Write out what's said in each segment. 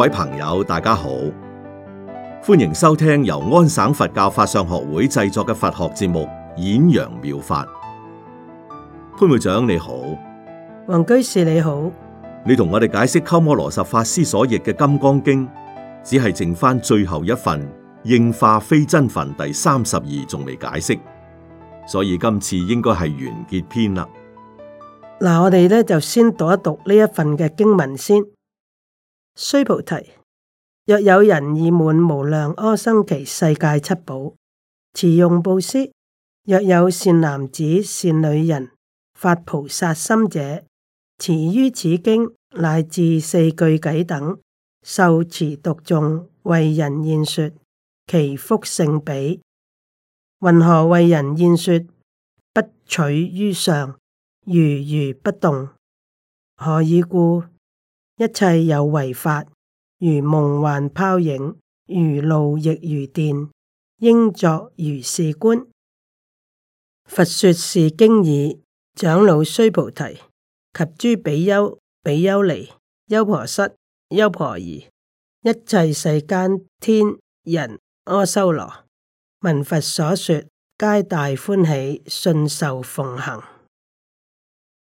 各位朋友，大家好，歡迎收聽由安省佛教法相學會製作嘅佛學節目《演揚妙、妙法》。潘會長你好，黃居士你好，你同我哋解釋鳩摩羅什法師所譯嘅《金剛經》，只係剩翻，最後一份應化非真分第三十二仲未解釋，所以今次應該係完結篇啦。嗱，我哋咧就先讀一讀呢一份嘅經文先。須菩提，若有人以滿無量阿僧祇世界七寶，持用布施；若有善男子、善女人，發菩薩心者，持於此經乃至四句偈等，受持讀誦，為人演說，其福勝彼。云何為人演說？不取於相，如如不動。何以故？一切有為法，如夢幻泡影，如露亦如電，應作如是觀。佛說是經已，長老須菩提及諸比丘、比丘尼、優婆塞、優婆夷，一切世間天人阿修羅聞佛所說，皆大歡喜，信受奉行。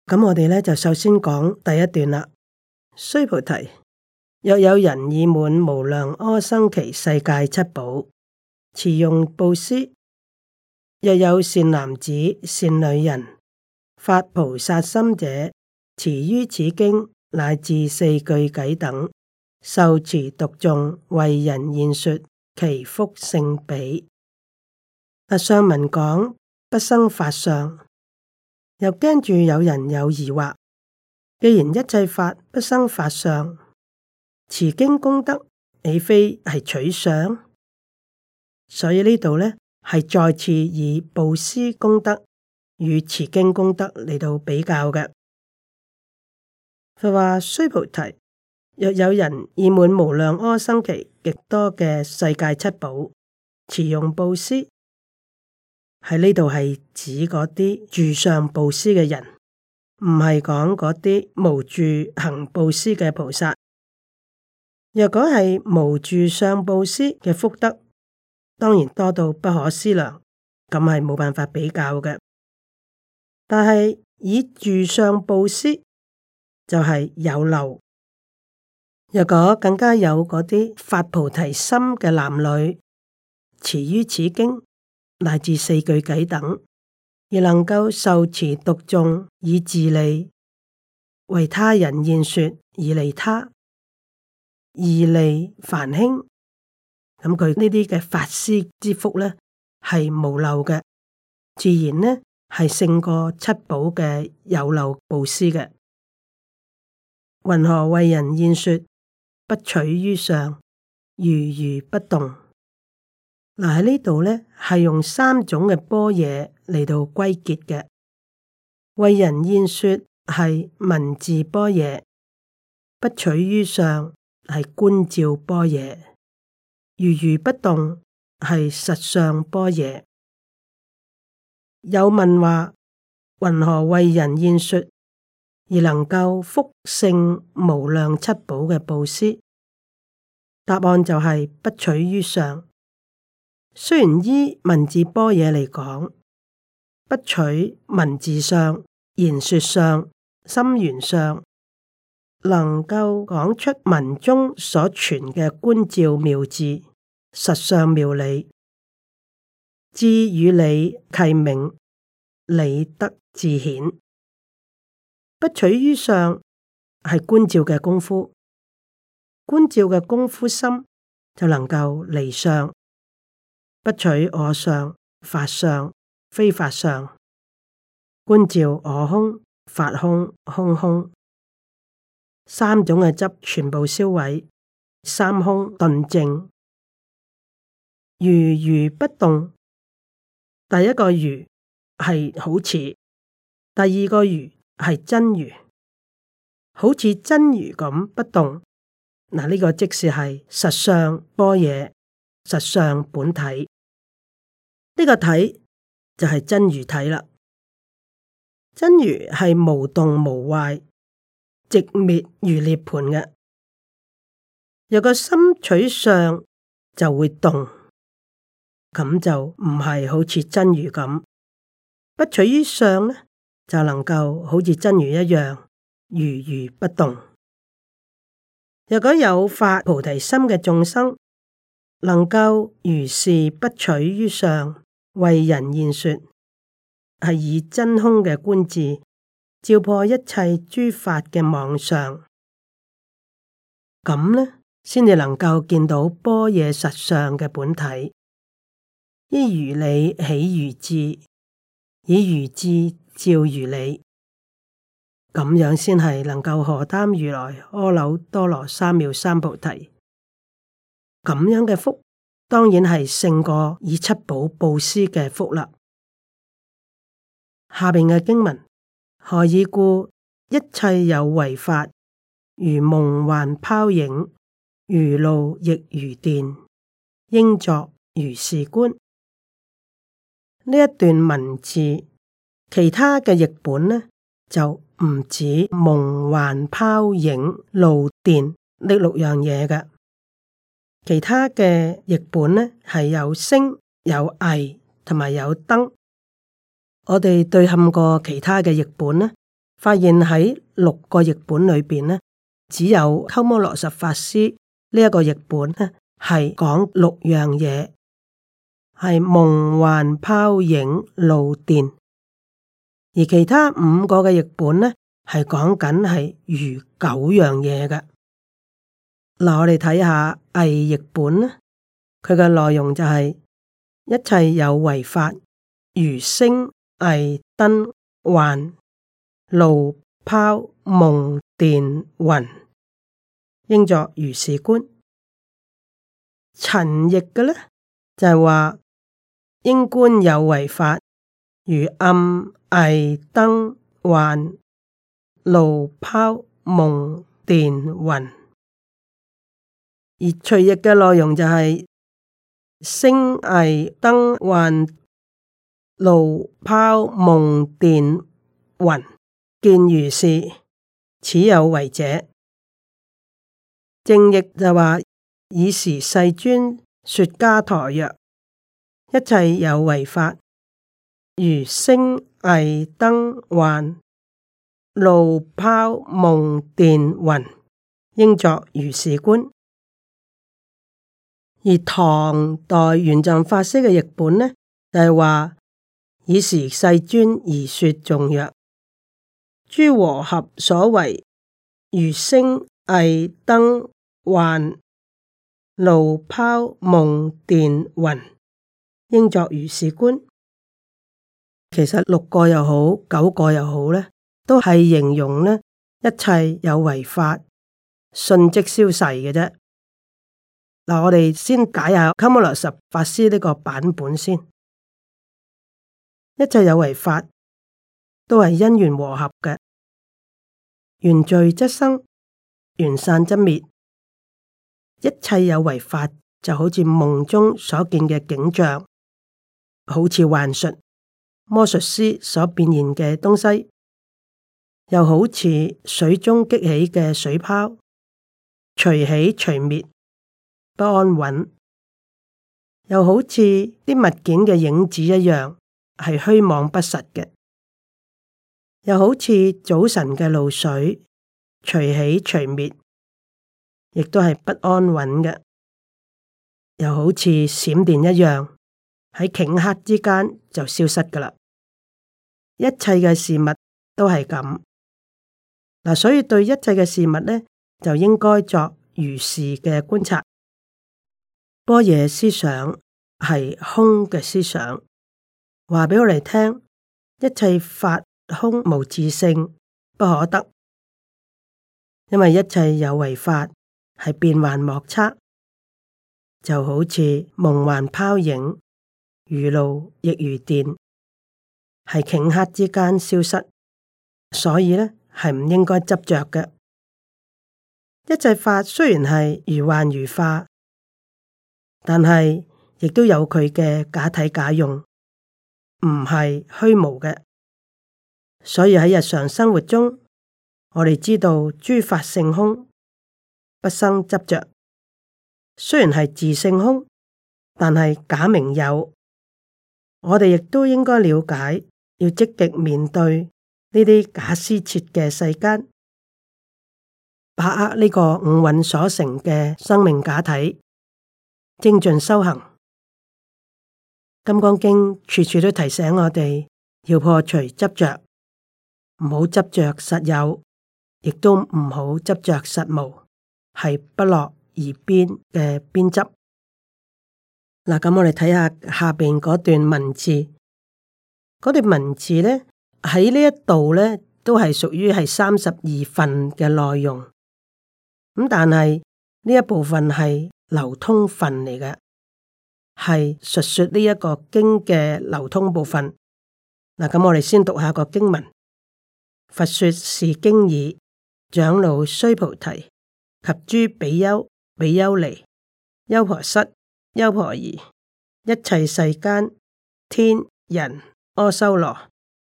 咁我哋咧就首先講第一段啦。須菩提，若有人已滿無量阿僧祇世界七寶，持用布施；若有善男子、善女人，發菩薩心者，持於此經乃至四句偈等，受持讀誦，為人演說，其福勝彼。佛、啊、尚文講不生法相，又驚住有人有疑惑。既然一切法不生法相，持經功德豈非係取相？所以呢度咧係再次以布施功德與持經功德嚟到比較嘅。佢話：須菩提，若有人以滿無量阿僧祇極多嘅世界七寶持用布施，喺呢度係指嗰啲住相布施嘅人。唔係講嗰啲無住行布施嘅菩薩，若果係無住上布施嘅福德，當然多到不可思量，咁係冇辦法比較嘅。但係以住上布施就係、是、有漏，若果更加有嗰啲發菩提心嘅男女持於此經，乃至四句偈等。亦能夠受持讀誦以自利，為他人演說而利他，而利繁興咁，佢呢啲嘅法師之福咧係無漏嘅，自然呢係勝過七寶嘅有漏布施嘅。云何為人演說不取於相，如如不動？嗱喺呢度咧係用三種嘅般若。嚟到歸結嘅為人演說係文字般若，不取於相係觀照般若，如如不動係實相般若。有問話云何為人演說而能夠福勝無量七寶嘅布施？答案就係不取於相。雖然依文字般若嚟講。不取文字上、言說上、心緣上，能夠講出文中所傳嘅觀照妙智、實相妙理，智與理契明，理德自顯。不取於相係觀照嘅功夫，觀照嘅功夫深就能夠離相，不取我相、法相。非法相，觀照我空、法空、空空三種嘅執全部銷毀，三空頓靜，如如不動。第一個如係好似，第二個如係真如，好似真如咁不動。嗱，呢個即是係實相般若，實相本體呢、這個體。就係真如體啦，真如係無動無壞，直滅如涅槃嘅。若個心取相就會動，咁就唔係好似真如咁。不取於相呢，就能夠好似真如一樣如如不動。若果有發菩提心嘅眾生，能夠如是不取於相。為人言說，係以真空嘅觀智照破一切諸法嘅妄相，咁呢先至能夠見到般若實相嘅本體。依如理起如智，以如智照如理，咁樣先係能夠荷擔如來阿耨多羅三藐三菩提。咁樣嘅福。當然係勝過以七寶布施嘅福啦。下邊嘅經文何以故？一切有為法，如夢幻泡影，如露亦如電，應作如是觀。呢一段文字，其他嘅譯本呢就唔止夢幻泡影、露電呢六樣嘢嘅。其他嘅譯本呢，係有星、有翳、同埋有燈。我哋對勘過其他嘅譯本呢，發現喺六個譯本裏邊呢，只有鳩摩羅什法師呢一個譯本呢，係講六樣嘢，係夢幻、泡影、露電。而其他五個嘅譯本呢，係講緊係如九樣嘢嘅。嗱，我哋睇下魏譯本啦。佢嘅內容就係、是、一切有為法，如星翳、燈、幻、露、拋、夢、電、雲，應作如是觀。陳譯嘅咧，就係話應觀有為法，如暗、翳、燈、幻、露、拋、夢、電、雲。而隨亦嘅內容就係、是、星翳燈幻、露泡夢電、雲見如是，此有為者正亦就話以時世尊說伽陀曰：一切有為法，如星翳燈幻、露泡夢電、雲應作如是觀。而唐代玄奘法師嘅譯本呢，就係、是、話爾時世尊而說頌曰諸和合所為，如星翳燈幻、露泡夢電雲，應作如是觀。其實六個又好，九個又好呢都係形容呢一切有為法瞬即消逝嘅啫。嗱，我哋先解，解下鳩摩羅什法師呢個版本先。一切有為法都係因緣和合嘅，緣聚則生，緣散則滅。一切有為法就好似夢中所見嘅景象，好似幻術魔術師所變現嘅東西，又好似水中激起嘅水泡，隨起隨滅。不安穩，又好似啲物件嘅影子一樣，係虛妄不實嘅；又好似早晨嘅露水，隨起隨滅，亦都係不安穩嘅；又好似閃電一樣，喺頃刻之間就消失㗎啦。一切嘅事物都係咁，嗱、啊，所以對一切嘅事物咧，就應該作如是嘅觀察。般若思想係空嘅思想，話畀我哋聽，一切法空無自性，不可得，因為一切有為法係變幻莫測，就好似夢幻泡影，如露亦如電，係頃刻之間消失，所以咧係唔應該執着嘅。一切法雖然係如幻如化。但係，亦都有佢嘅假體假用，唔係虛無嘅。所以喺日常生活中，我哋知道諸法性空，不生執着。雖然係自性空，但係假名有。我哋亦都應該了解，要積極面對呢啲假施設嘅世間，把握呢個五蘊所成嘅生命假體。精進修行，《金剛經》處處都提醒我哋要破除執着，唔好執着實有，亦都唔好執着實無，係不落二邊嘅邊執。嗱，咁我哋睇下下邊嗰段文字，嗰段文字咧喺呢一度咧都係屬於係三十二分嘅內容。咁但係呢一部分係。流通分嚟嘅，係述說呢一個經嘅流通部分。嗱，咁我哋先讀下個經文。佛說是經已，長老須菩提及諸比丘、比丘尼、優婆塞、優婆夷，一切世間天人阿修羅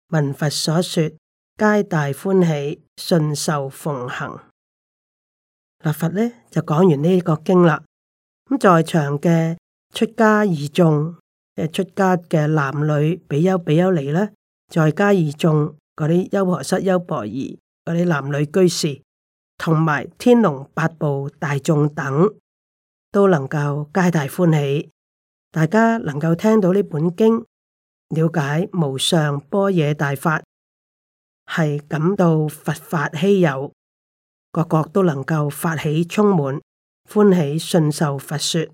聞佛所說，皆大歡喜，信受奉行。嗱，佛呢就講完呢一個經啦。咁在場嘅出家二眾，誒出家嘅男女比丘、比丘尼咧，在家二眾嗰啲，優婆塞、優婆夷嗰啲男女居士，同埋天龍八部大眾等，都能夠皆大歡喜，大家能夠聽到呢本經，了解無上般若大法，係感到佛法稀有，個個都能夠發起充滿，歡喜信受佛說，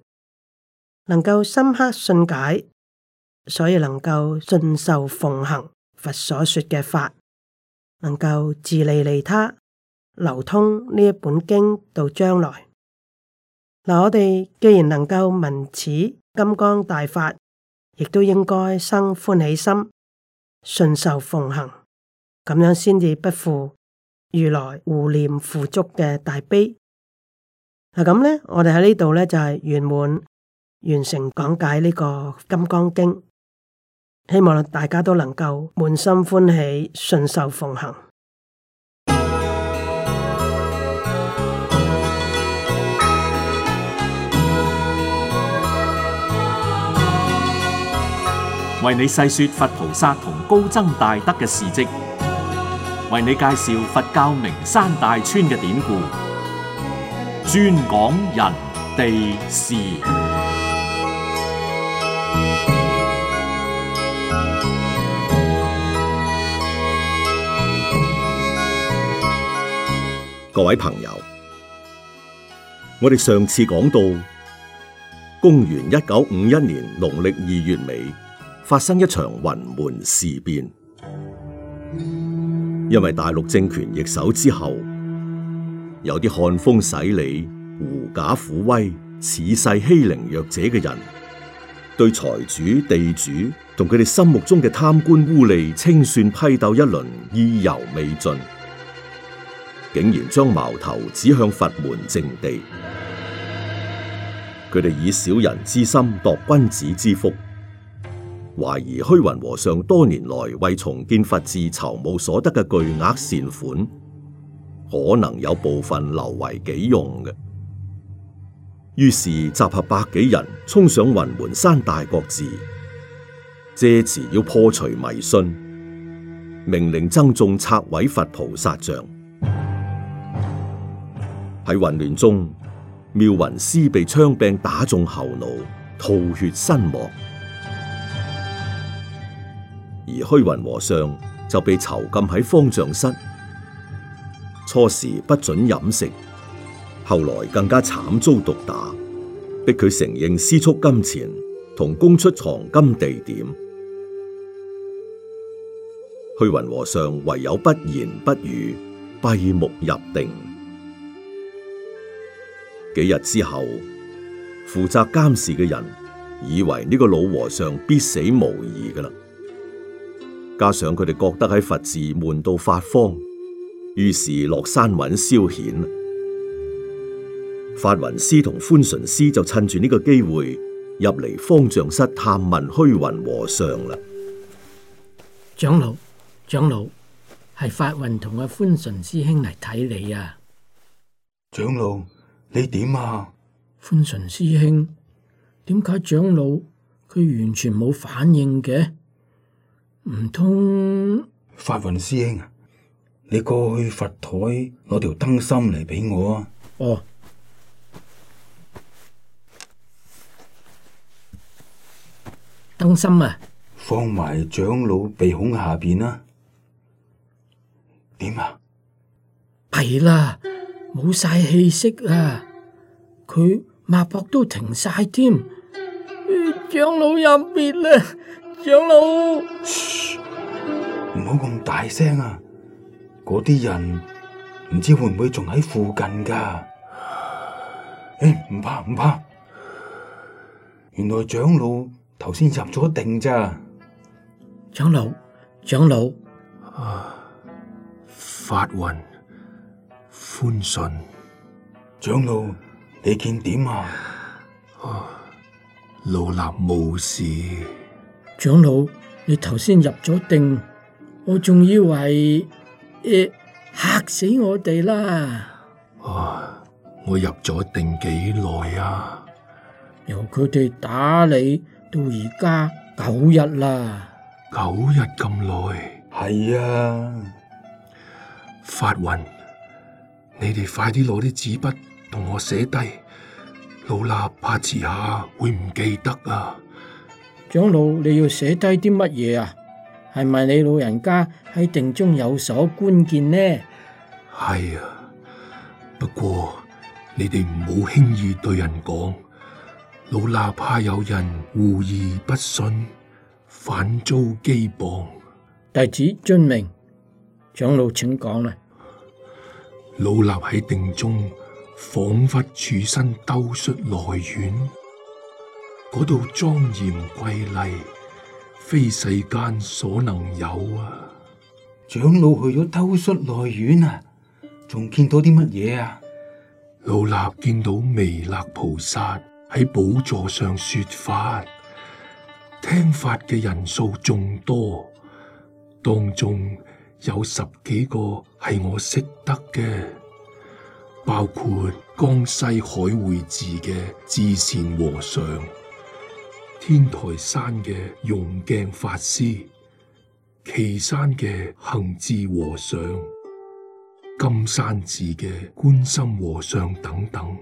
能夠深刻信解，所以能夠信受奉行佛所說嘅法，能夠自利利他，流通呢一本經到將來。嗱，我哋既然能夠聞此金剛大法，亦都應該生歡喜心，信受奉行，咁樣先至不負如來護念付囑嘅大悲。嗱，咁呢，我哋喺呢度呢，就係圓滿完成講解呢個《金剛經》，希望大家都能夠滿心歡喜，順受奉行。為你細說佛菩薩同高僧大德嘅事跡，為你介紹佛教名山大川嘅典故。專講人哋事，各位朋友，我哋上次講到，公元一九五一年農曆二月尾發生一場雲門事變，因為大陸政權易手之後。有啲看風使里，狐假虎威、恃勢欺凌弱者嘅人，對財主、地主同佢哋心目中嘅貪官污吏清算批鬥一輪意猶未盡，竟然將矛頭指向佛門淨地。佢哋以小人之心度君子之腹，懷疑虛雲和尚多年來為重建佛寺籌募所得嘅巨額善款。可能有部分留為己用嘅，於是集合百幾人衝上雲門山大覺寺，借詞要破除迷信，命令僧眾拆毀佛菩薩像。喺混亂中，妙雲師被槍柄打中後腦，吐血身亡；而虛雲和尚就被囚禁喺方丈室。初時不准飲食，後來更加慘遭毒打，逼佢承認私蓄金錢同供出藏金地點。虛雲和尚唯有不言不語，閉目入定。幾日之後，負責監視嘅人以為呢個老和尚必死無疑噶啦，加上佢哋覺得喺佛寺悶到發慌。於是落山揾消遣。法雲師同寬神師就趁住呢個機會入嚟方丈室探問虛雲和尚啦。長老，長老，係法雲同阿寬神師兄嚟睇你啊。長老，你點啊？寬神師兄，點解長老佢完全冇反應嘅？唔通？法雲師兄啊？你過去佛台攞條燈芯嚟畀我啊！哦，燈芯啊！放埋長老鼻孔下邊啊。點啊？弊啦！冇晒氣息！啊，佢脈搏都停晒添。長老入面啊，長老，唔好咁大聲啊！.嗰啲人唔知會唔會仲喺附近噶？誒、哎，唔怕唔怕，原來長老頭先入咗定咋？長老，長老，啊、法雲歡順，長老你見點啊？老衲無事。長老，你頭先、啊、入咗定，我仲以為。嚇死我哋啦，哦！我入咗定幾耐啊？由佢哋打你到而家九日啦。九日咁耐，係啊！發雲，你哋快啲攞啲紙筆同我寫低。老衲怕遲下，下會唔記得啊！長老，你要寫低啲乜嘢啊？係咪你老人家喺定中有所觀見呢？係啊，不過你哋唔好輕易對人講，老衲怕有人狐疑不信，反遭譏謗。弟子遵命，長老請講啦。老衲喺定中，仿佛處身兜率內院，嗰度莊嚴瑰麗。非世間所能有啊！長老去咗兜率內院啊，仲見到啲乜嘢啊？老衲見到彌勒菩薩喺寶座上說法，聽法嘅人數眾多，當中有十幾個係我識得嘅，包括江西海會寺嘅智善和尚。天台山嘅融鏡法師，岐山嘅行智和尚，金山寺嘅觀心和尚等等，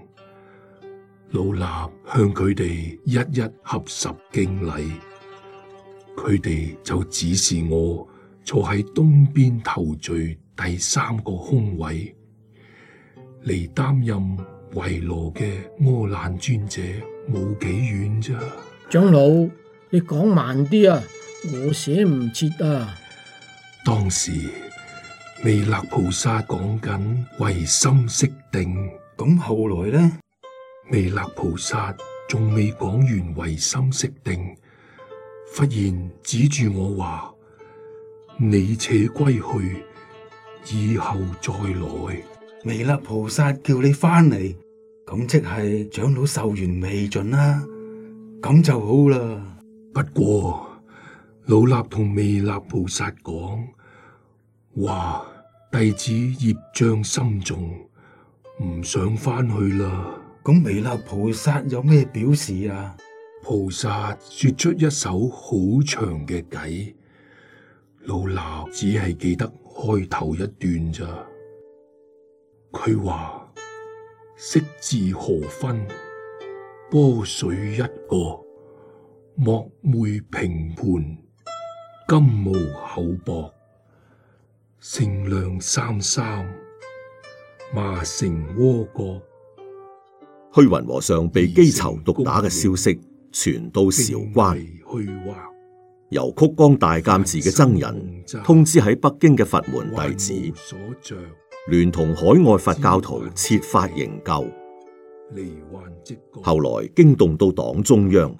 老衲向佢哋一一合十敬禮。佢哋就指示我坐喺東邊頭序第三個空位，嚟擔任維羅嘅柯難尊者、啊，冇幾遠咋。長老，你講慢啲啊！我寫唔切啊！當時彌勒菩薩講緊唯心識定，咁後來呢？彌勒菩薩仲未講完唯心識定，忽然指住我話：你且歸去，以後再來。彌勒菩薩叫你翻嚟，咁即係長老壽緣未盡啦。咁就好啦。不過老衲同彌勒菩薩講，話弟子業障深重，唔想返去啦。咁彌勒菩薩有咩表示啊？菩薩說出一首好長嘅偈，老衲只係記得開頭一段咋。佢話識智何分？波水一個莫昧平判，金烏厚薄，盛量三三麻城窩個。虛雲和尚被羈囚毒打嘅消息傳到韶關，由曲江大鑒寺嘅僧人通知喺北京嘅佛門弟子，聯同海外佛教徒設法營救。後來驚動到黨中央，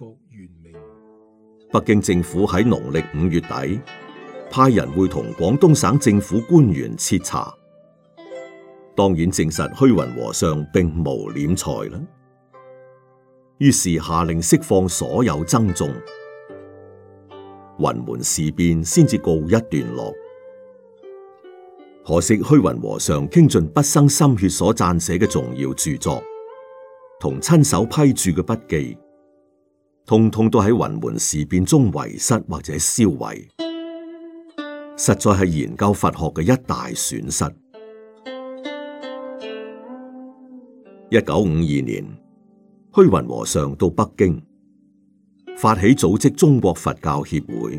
北京政府喺農曆五月底派人會同廣東省政府官員徹查，當然證實虛雲和尚並無斂財啦。於是下令釋放所有僧眾，雲門事變先至告一段落。可惜虛雲和尚傾盡畢生心血所撰寫嘅重要著作，同親手批注嘅筆記，通通都喺雲門事變中遺失或者燒毀，實在係研究佛學嘅一大損失。一九五二年，虛雲和尚到北京，發起組織中國佛教協會。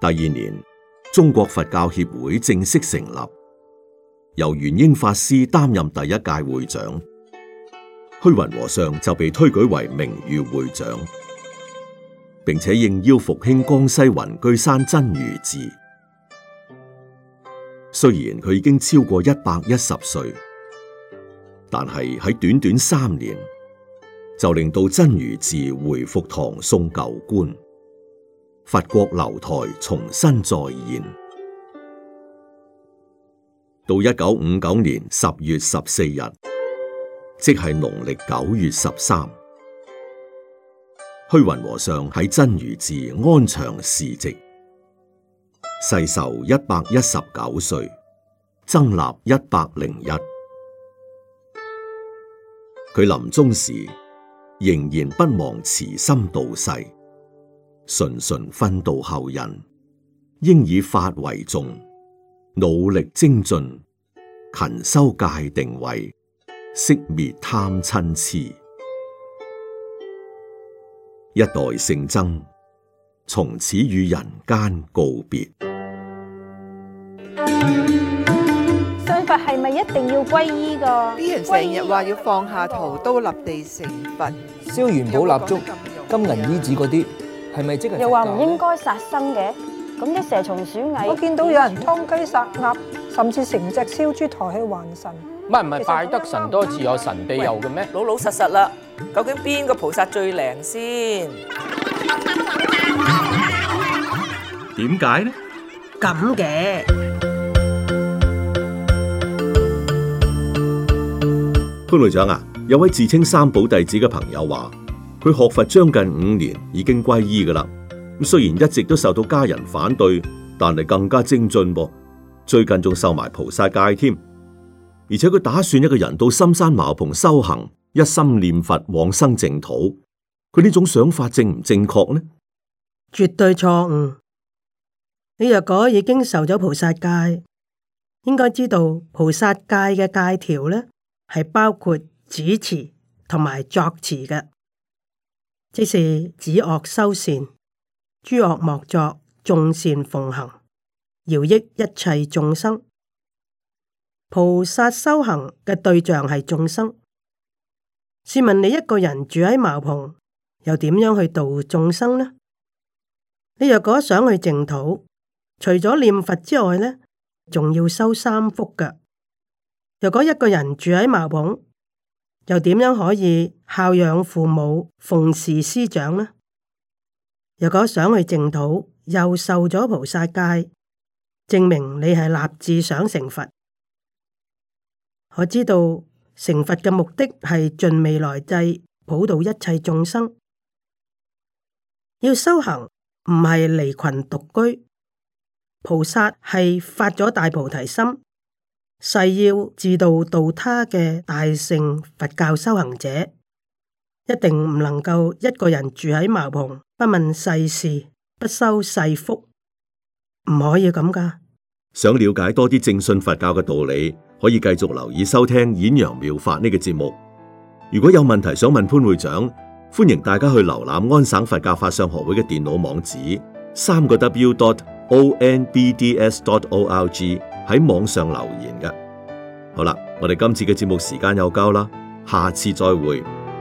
第二年，中國佛教協會正式成立。由元英法師擔任第一屆會長，虛雲和尚就被推舉為名譽會長，並且應邀復興江西雲居山真如寺。雖然佢已經超過一百一十歲，但係喺短短三年就令到真如寺回復唐宋舊觀，佛國樓台重新再現。到一九五九年十月十四日，即係農曆九月十三，虛雲和尚喺真如寺安詳示寂，世壽一百一十九歲，僧臘一百零一。佢臨終時仍然不忘慈心度世，諄諄訓導後人，應以法為重。努力精進，勤修戒定慧，息滅貪嗔癡。一代聖僧從此與人間告別。信佛係咪一定要皈依㗎？啲人成日話要放下屠刀立地成佛，燒元寶蠟燭、金銀衣紙嗰啲，係咪即係又話唔應該殺生嘅？咁啲蛇蟲鼠蟻，我見到有人劏雞殺鴨，甚至成隻燒豬抬起還神。唔係唔係，拜得神多自有神庇佑嘅咩？老老實實啦，究竟邊個菩薩最靈先？點解呢？咁嘅潘隊長啊，有位自稱三寶弟子嘅朋友話，佢學佛將近五年，已經皈依噶啦。咁雖然一直都受到家人反對，但係更加精進噃，最近仲受埋菩薩戒添，而且佢打算一個人到深山茅蓬修行，一心念佛，往生淨土。佢呢種想法正唔正確呢？絕對錯誤。你若果已經受咗菩薩戒，應該知道菩薩戒嘅戒條咧，係包括止持同埋作持嘅，即是止惡修善。諸惡莫作，眾善奉行，饒益一切眾生。菩薩修行嘅對象係眾生。試問你一個人住喺茅蓬，又點樣去度眾生呢？你若果想去淨土，除咗念佛之外呢，仲要修三福噶。若果一個人住喺茅蓬，又點樣可以孝養父母、奉事師長呢？若果想去淨土，又受咗菩薩戒，證明你係立志想成佛。我知道成佛嘅目的係盡未來際普渡一切眾生。要修行唔係離群獨居，菩薩係發咗大菩提心，誓要自度度他嘅大乘佛教修行者。一定唔能夠一個人住喺茅棚，不問世事，不修世福，唔可以咁噶。想了解多啲正信佛教嘅道理，可以繼續留意收聽《演揚妙法》呢、這個節目。如果有問題想問潘會長，歡迎大家去瀏覽安省佛教，教法相學會嘅電腦網址，三個 W dot O N B D S dot O R G 喺網上留言嘅。好啦，我哋今次嘅節目時間又夠啦，下次再會。